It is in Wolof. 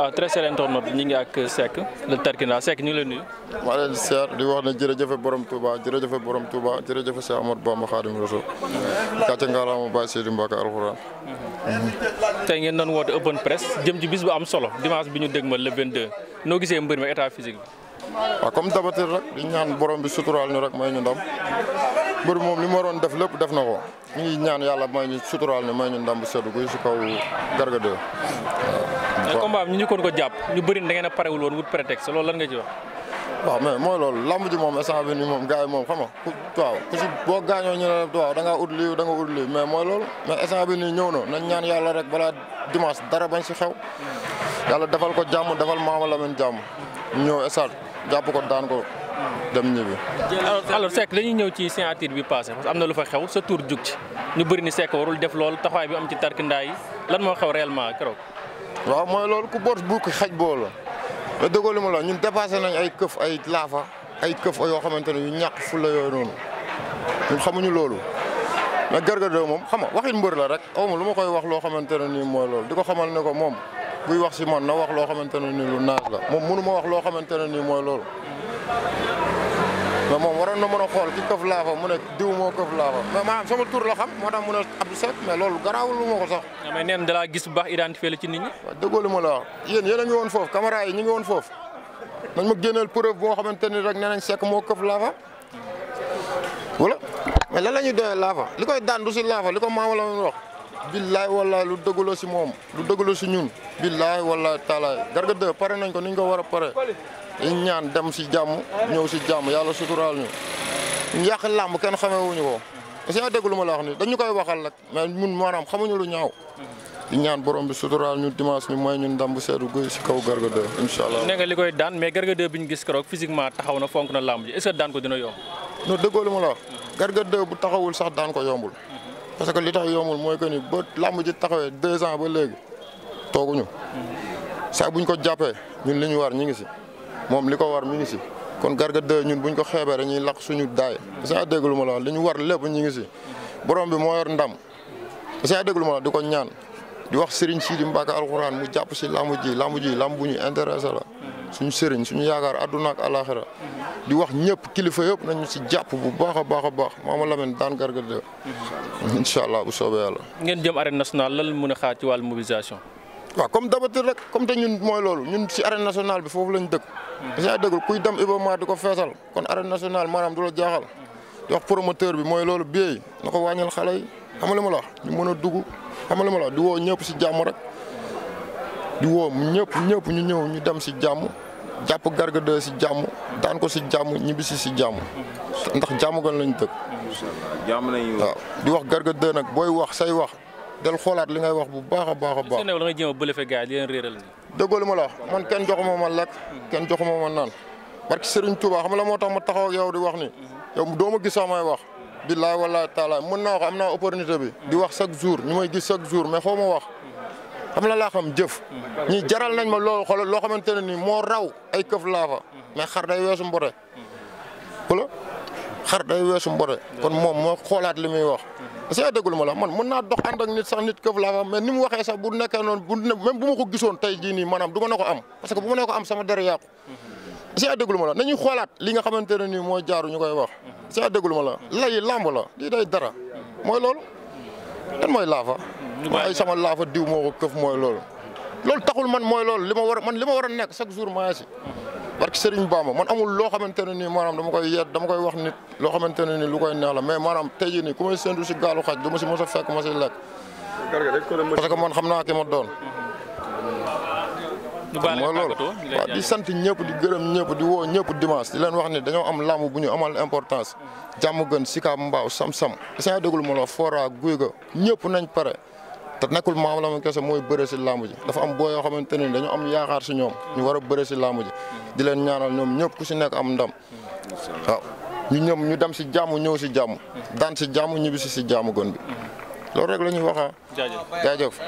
waaw ah, très cher internaute ñu ngi ak Seck le Tarkinda Seck ñu ngi lay nuyu. maa leen seer di wax ne jërëjëfe borom Touba jërëjëfe borom Touba jërëjëfe Cheikh Amadou Bamba Khadim Rasoul. kàcce ngaalaama Baye Seydi Mbacke alxuraan. te ngeen doon woote open press jëm ci bis bu am solo dimanche bi ñu ma le 22 noo gisee mbir mi état physique bi. waaw comme d'habitude rek li ñaan borom bi suturaal ñu rek may ñu ndam mbër moom li mu waroon def lépp def na ko ñu ñaan yàlla may ñu suturaal ñu may ñu ndam bu sedd guy si kaw Garga 2 waaw combat bi ñu njëkkoon ko jàpp ñu bëri da ngeen a parewul woon wut prétexte loolu lan nga ci wax waaw mooy loolu lamb ji moom instant bi moom gars yi moom xam nga ku waaw boo gaañoo ñu ne waaw da ngaa ut lii da nga ut lii mais mooy loolu mais instant bi na nañ ñaan yàlla rek balaa dimanche dara bañ si xew hmm. yàlla defal ko jàmm defal Mama Lamine jàmm ñëw instant jàpp ko daan ko dem ñibbi. alors Seck dañuy ñëw ci signature bi passé parce que am na lu fa xew sa tour jug ci ñu bëri ni Seck warul def lool taxawaay bi am ci tarkindaa yi lan moo xew réellement keroog. waaw mooy loolu ku boot bu xaj boo la te dëggoo li ma la ñun dépassé nañ ay këf ay laafa ay këf yoo xamante ne yu ñàkk fu la yooyu noonu ñun xamuñu loolu. mais Garga 2 moom xam nga waxin mbër la rek aw lu ma koy wax loo xamante ne nii mooy di ko xamal ne ko moom. buy wax si man na wax loo xamante ne nii lu naaj la moom mënu ma wax loo xamante ne nii mooy loolu. mais moom waroon na mën a xool ki këf laafa mu ne diw moo këf laafa mais maanaam sama tur la xam moo tax mu ne Abdou Seck mais loolu garaawul lu ma ko sax. Ah, mais nee na dalaa gis bu baax identifié la ci nit ñi. waaw déggoo ma la wax yéen yéen ngi woon foofu caméra yi ñu ngi woon foofu nañ ma génneel preuve boo xamante ni rek nee nañ Seck moo këf laafa wala mais lan la ñuy doyee laafa li koy daan du li ko maamaloon wax. billaay wallaay lu dëgg si moom lu dëgg la si ñun billaay wallaay taalaay Garga 2 pare nañ ko ni ko war a pare ñu ñaan dem si jàmm ñëw si jàmm yàlla suturaal ñu ñu yàq làmb kenn xamewuñu ko si nga dégg lu ma la wax ni dañu koy waxal nag mais mun maanaam xamuñu lu ñaaw di ñaan borom bi suturaal ñu dimanche bi mooy ñun ndam bu seedu guy si kaw Garga 2 incha allah nga li koy daan mais Garga 2 gis ñu gis keroog physiquement taxaw na fonk na làmb ji est-ce que daan ko ma la wax Garga 2 taxawul sax daan ko parce que li tax yombul mooy que ni ba làmb ji taxawee deux ans ba léegi tooguñu. saa buñ ko jàppee ñun li ñu war ñu ngi si moom li ko war mi ngi si kon Garga 2 ñun buñ ko xeebee dañuy laq suñu daay. parce que dégg lu ma la wax ñu war lépp ñu ngi si borom bi moo yor ndam parce que dégg lu ma la di ko ñaan di wax Serigne Sidi Mbacke alxuraan mu jàpp si làmb ji làmb ji làmb bu ñu intéressé la. suñu sëriñ suñu yaakaar àdduna ak alaaxira di wax ñëpp kilifa yëpp nañu si jàpp bu baax a baax a baax Mama Lamine daan Garga 2. incha allah bu soobee yàlla. ngeen jëm arène nationale lan mën a xaar ci wàllu mobilisation. waaw comme d'habitude rek comme te ñun mooy loolu ñun si arène nationale bi foofu lañ dëkk. dañuy dëgg kuy dem Iba di ko feesal kon arène nationale maanaam du la jaaxal. di wax promoteur bi mooy loolu biyee na ko wàññil xale yi xam nga ma la ma la wax si jàmm rek. di woo ñëpp ñëpp ñu ñu dem si jàmm. jàpp Garga 2 si jàmm daan ko si jàmm ñibbisi si jàmm ndax jàmm gan lañ dëkk. jàmm nañu waaw di wax Garga 2 nag booy wax say wax del xoolaat li ngay wax bu baax a baax a baax. da ngay jéem a bëlëfe gars yi di leen réeral déggoo li ma la wax man kenn joxuma a lekk kenn joxuma ma naan barki Serigne Touba xam la moo tax ma taxaw ak di wax ni yow doo ma gis sax may wax. billaay walaay taalaay mën naa wax am naa opportunité bi. di wax chaque jour ñu may gis chaque jour mais xaw wax. xam la laa xam jëf ñi jaral nañ ma loo xool loo xamante ne nii moo raw ay këf laa fa mais xar day weesu mbote wala xar day weesu mbote kon moom moo xoolaat li muy wax parce que déggul ma la man mën naa dox ànd ak nit sax nit këf laa mais ni mu waxee sax bu nekkee noonu bu même bu ma ko gisoon tey jii nii maanaam du ma ne ko am parce que bu ma ne ko am sama der yàqu si yaa déglu ma la nañu xoolaat li nga xamante ne nii mooy jaaru ñu koy wax si yaa déglu ma la lay làmb la lii day dara mooy loolu lan mooy laafa. ay sama laafa diw moo ko këf mooy loolu. loolu taxul man mooy lool li ma war man li ma war a nekk chaque jour maa ngi si. parce que Serigne Bamba man amul loo xamante ne ni maanaam dama koy yeet dama koy wax nit loo xamante ne nii lu koy neex la mais maanaam tey jii nii ku may séntu si gaalu xaj ma si mos a fekk ma si lekk. parce que man xam naa ki ma doon. mooy loolu waaw di sant ñëpp di gërëm ñëpp di woo ñëpp dimanche di leen wax ne dañoo am làmb bu ñu amal importance jàmm gën sikaab mbaaw sam-sam saa déglu ma la fora ñëpp nañ pare te nekkul maam la ma mooy bëre si làmb ji am boo yoo xamante ne dañu am yaakaar si ñoom ñu war a bëre si di leen ñaanal ñoom ñëpp ku si nekk am ndam waaw ñu ñëm ñu dem si jàmm ñëw si jàmm daan si jàmm ñibbi si si bi loolu rek ñuy wax ah jaajëf